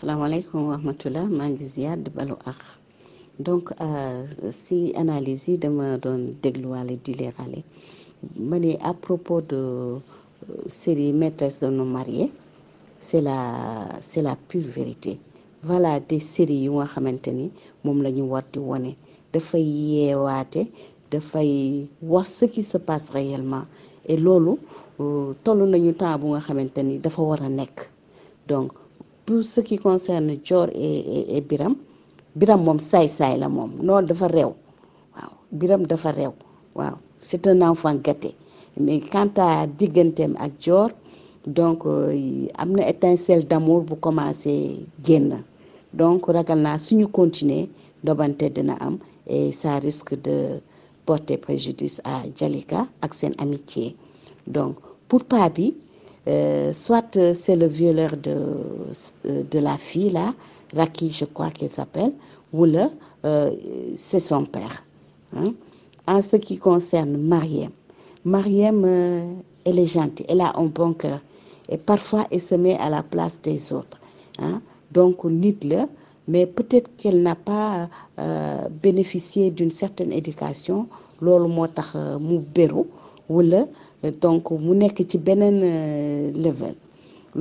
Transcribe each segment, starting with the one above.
asalaamaaleykum wa rahmatulah maa ngi ziar di balu ak donc euh, si analyse yi dama doon dégluwaale di leerale ma ne de euh, série maîtresse de nos mariés c'est la c'est la pure vérité voilà des séries yu nga xamante ni moom la ñu war di wone dafay yeewaate dafay wax ce qui se passe réellement et loolu euh, toll nañu temps bu nga xamante ni dafa war a nekk donc. pour ce qui concerne Dior et et Biram Biram moom saay-saay la moom noonu dafa réew waaw Biram dafa réew waaw c'est un enfant gâté mais quant à digganteem ak joor donc euh, am na étincelle d'amour bu commencé génn donc ragal naa suñu continuer ndobante dina am et ça risque de porter préjudice à Jalika ak seen amitié donc pour pa Euh, soit euh, c'est le violeur de, euh, de la fille, là, Raki, je crois qu'il s'appelle, ou le, euh, c'est son père. Hein. En ce qui concerne Mariem, Mariem, euh, elle est gentille, elle a un bon cœur. Et parfois, elle se met à la place des autres. Hein. Donc, nique-le, mais peut-être qu'elle n'a pas euh, bénéficié d'une certaine éducation. Lolo motax mu wala donc mu nekk ci beneen euh, level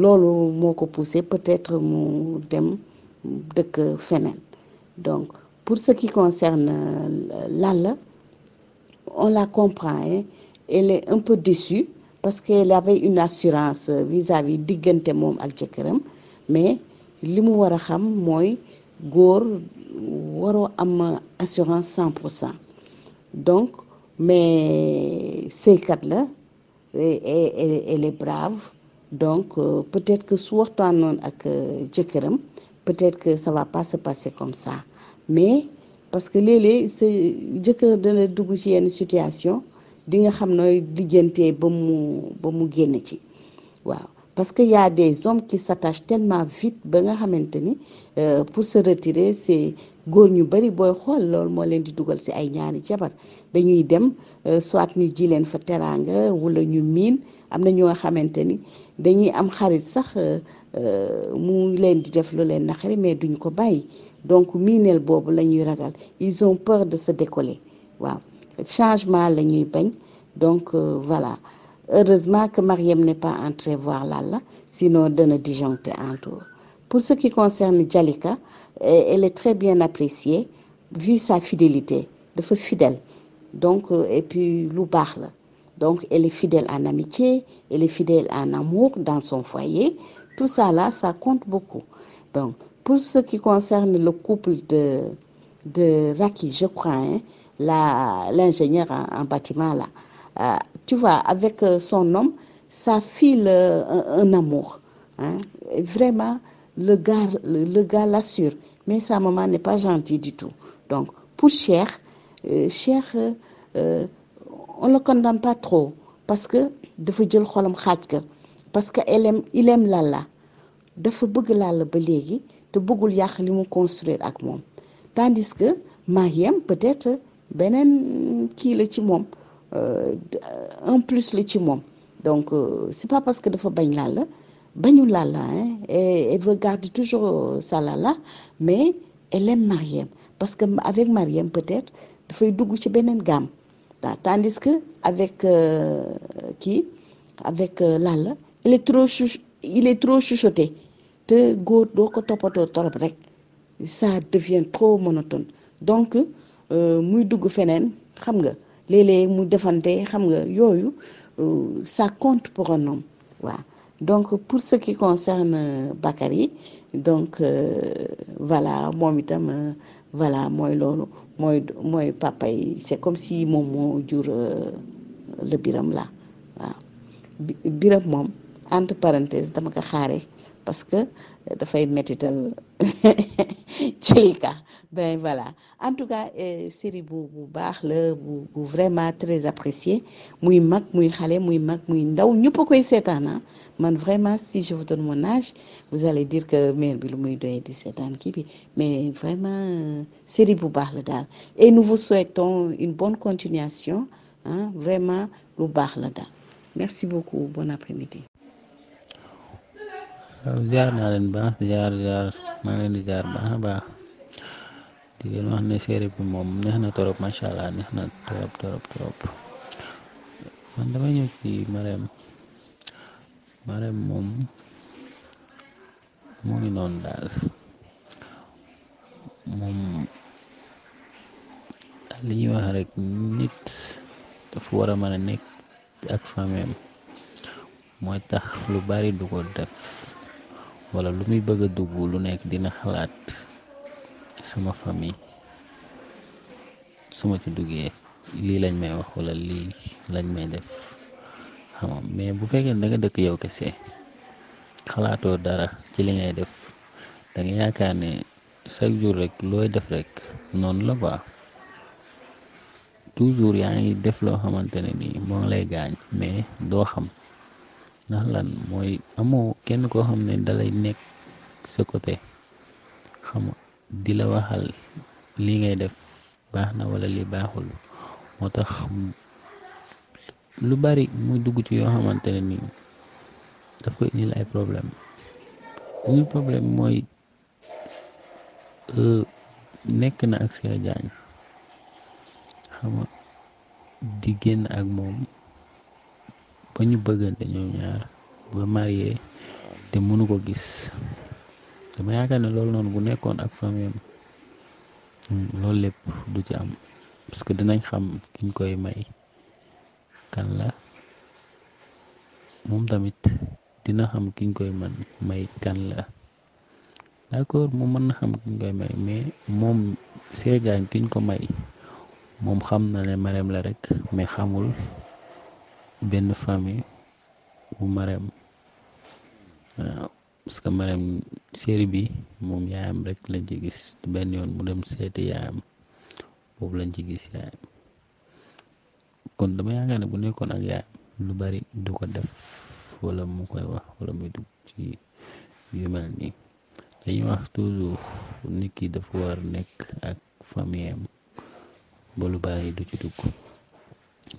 loolu moo ko poussé peut-être mu dem dëkk feneen donc pour ce qui concerne euh, Lalla on la comprend hein, elle est un peu déçue parce qu'elle avait une assurance vis-à-vis diggante moom ak jëkkëram mais li mu war a xam mooy góor waroo am assurance cent mais sëykat la elle est brave donc euh, peut-être que su waxtaan waxtaanoon ak euh, jëkkëram peut-être que ça va pas se passer comme sa mais parce que léeg-léeg sa jëkkër dana dugg ci yenn situation di nga xam nooy lijjantee ba mu ba mu génn ci waaw parce que y a des hommes qui s'attachent tellement vite ba nga xamante ni euh, pour se retirer c'est góor ñu bari booy xool loolu moo leen di dugal ci ay ñaari jabar dañuy dem euh, soit ñu ji leen fa teraanga wala ñu miin am na ñoo xamante ni dañuy am xarit sax euh, mu leen di def lu leen naqari mais duñ ko bàyyi donc miineel boobu la ñuy ragal ils ont peur de sa décoller waaw changement la bañ donc voilà Heureusement que Mariam n'est pas entrée voir Lalla, sinon de ne disjoncter un tour. Pour ce qui concerne Djalika, eh, elle est très bien appréciée, vu sa fidélité. Elle est fidèle. Donc, euh, et puis, Lou parle. Donc, elle est fidèle en amitié, elle est fidèle en amour dans son foyer. Tout ça là, ça compte beaucoup. Donc, pour ce qui concerne le couple de, de Raki, je crois, hein, l'ingénieur en, en, bâtiment là, euh, tu vois, avec euh, son homme, sa file la euh, un amour. Hein. Vraiment, le gars, le, le Mais sa maman n'est pas gentille du tout. Donc, pour Cher, euh, Cher, euh, euh, on ne le condamne pas trop. Parce que, parce qu'il aime, il aime dafa bëgg Lalla ba léegi te bëggul yàq li mu construire ak moom tandis que Mariam peut-être beneen kii la ci moom Euh, euh, en plus la ci moom donc euh, c'est pas parce que dafa bañ laal bañu laal la et elle veut garder toujours sa lala mais elle Mariem parce que avec Mariem peut-être dafay dugg ci beneen gamme waaw tandis que avec kii avec lala il est trop chouch chuchoté te góor doo ko toppatoo torop rek ça devient trop monotone donc muy dugg feneen xam nga. léeg-léeg mu defante xam nga yooyu euh, ça compte pour un homme waaw donc pour ce qui concerne euh, Bakary donc euh, voilà moom itam voilà mooy loolu mooy mooy papa yi c'est comme si moom moo jur le biram la waaw biram moom. entre parenthèse dama ko xaare parce que dafay métital Tchelika ben voilà en tout cas eh, série bu bu baax la bu vraiment très appréciée muy mag muy xale muy mag muy ndaw ñëpp a koy seetaan ah. man vraiment si je vous donne mon âge que mère bi lu muy doyee di seetaan kii bi mais vraiment euh, série bu baax la daal et nous vous souhaitons une bonne continuation ah vraiment lu baax la daal merci beaucoup bon après waaw naa leen baax jaar ziar maa leen di jaar baax a baax di leen wax ne série bi moom neex na torop macha allah neex na torop torop man dama ci Marème Marème moom mu ngi daal moom li ñuy wax rek nit fu war a mën a nekk ak famem mooy tax lu bari du ko def. wala lu muy bëgg a dugg lu nekk dina xalaat sama famille su ma ci duggee lii lañ may wax wala lii lañ may def xam mais bu fekkee da nga dëkk yow kese xalaatoo dara ci li ngay def danga yaakaar ne chaque jour rek looy def rek noonu la ba toujours yaa ngi def loo xamante ne nii moo lay gaañ mais doo xam. ndax lan mooy amoo kenn koo xam ne dalay nekk sa côté xam di la waxal li ngay def baax na wala li baaxul moo tax lu bari muy dugg ci yoo xamante ne nii daf koy indil ay problème ñun problème mooy euh, nekk na ak Cheikh Diagne xam di génn ak moom ba ñu bëggante ñoom ñaar ba marié te mënu ko gis dama yaakaar ne loolu noonu bu nekkoon ak famille mm, loolu lépp du ci am parce que dinañ xam kiñ koy may kan la moom tamit dina xam kiñ koy man may kan la d'accord moom mën na xam kiñ koy may mais moom seegaan kiñ ko may moom xam na ne mareem la rek mais xamul benn famille bu Marème waaw parce que Marème série bi moom yaayam rekk lañ ci gis benn yoon mu dem seeti yaayam boobu lañ ci gis yaayam kon dama yaakaar ne bu nekkoon ak yaayam lu bari du ko def wala mu koy wax wala muy dugg ci yu nii dañuy wax toujours nit ki dafa war nekk ak famille am lu bari du ci dugg.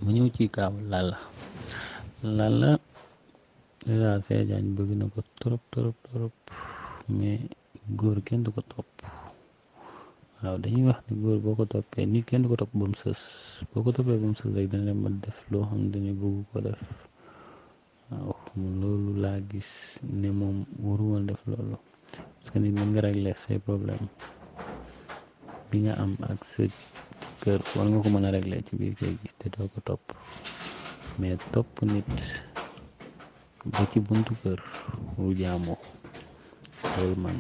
mu ñëw ci kaawu Lalla Lalla déjà Cheikh Diagne bëgg na ko trop trop trop mais góor kenn du ko topp waaw dañuy wax ni góor boo ko toppee nit kenn du ko topp ba mu sës boo ko toppee ba mu sës rek dana def loo xam ne bëgg ko def waaw gis ne moom waru woon def loolu parce que nit mën nga régler say problème bi nga am ak sa kër war nga ko mën a régler ci biir kër gi te doo ko topp mais topp nit ba ci buntu kër wu jaamoo loolu man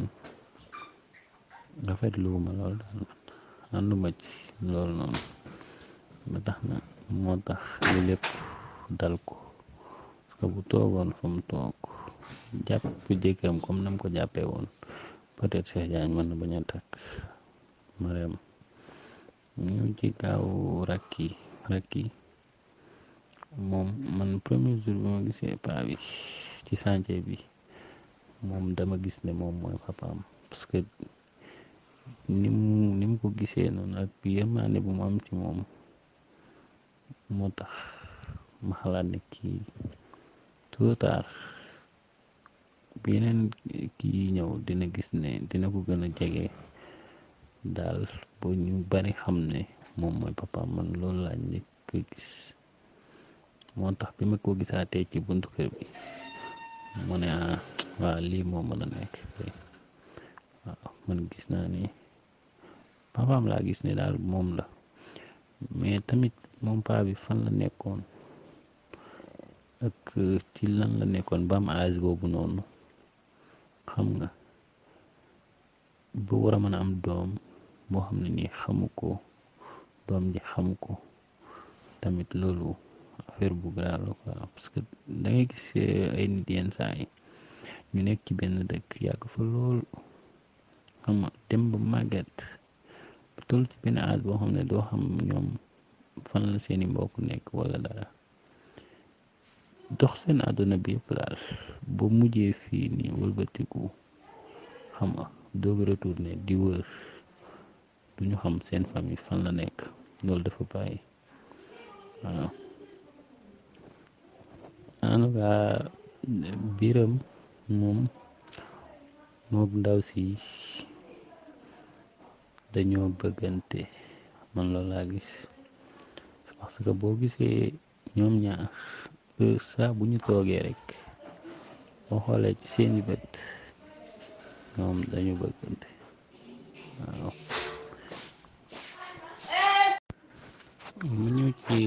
rafet luuma loolu daal man ànduma ci loolu noonu ba tax na moo tax li lépp dal ko parce bu toogoon fa mu toog jàpp jëkkëram comme nam ko jàppee woon peut-être Cheikh mën na bañ a takk Marème ñëw ci kaawu rakki rakki moom man premier jour bi ma gisee paa bi ci chantier bi moom dama gis ne moom mooy papaam parce que ni mu ni mu ko gisee noonu ak yërmaande bu mu am ci moom moo tax ma xalaat ne kii tôt ou tard yeneen kii ñëw dina gis ne dina ko gën a jege daal ba ñu bari xam ne moom mooy papa man loolu laa njëkk gis moo tax bi ma ko gisaatee ci buntu kër bi mu ne ah, waaw lii moo mën a nekk kay waaw man gis naa ni papaam laa gis ne daal moom la mais tamit mompaa bi fan la nekkoon ak euh, ci lan la nekkoon ba am âge boobu noonu xam nga bu war a mën a am doom boo xam ne nii xamu ko doom ji xam ko tamit loolu affaire bu grave la quoi parce que da gis eh, ay nit yenn saa yi ñu nekk ci benn dëkk yàgg fa lool xam màgget ba ci benn aat boo xam ne doo xam ñoom fan la seeni mbokk nekk wala dara dox seen àdduna bi yëpp daal ba mujjee fii nii wëlbatiku xam nga doog retourné di wër du ñu xam seen famille fan la nekk loolu dafa bàyyi waaw en tout biram moom mook ndaw si dañoo bëggante man loolu laa gis parce que boo gisee ñoom ñaar euh, saa bu ñu toogee rek boo xoolee ci seeni bët ñoom dañu bëggante waaw mu ñëw ci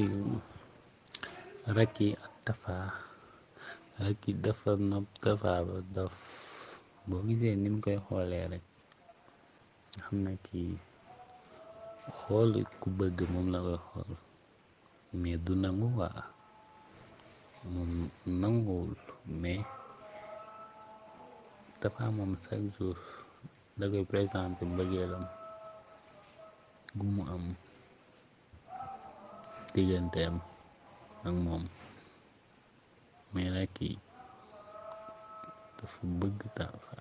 Racky ak Tapha Racky dafa nopp Tapha ba dof boo gisee nim koy xoolee rek xam na kii xool ku bëgg moom la koy xool mais du nangu waa moom nanguwul mais Tapha moom chaque jour dakoy koy présenté mbëggeelam gu mu am digganteem ak moom mais nag kii dafa bëgg Tapha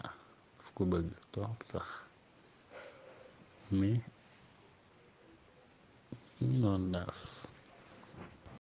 daf ko bëgg trop sax mais ñu daal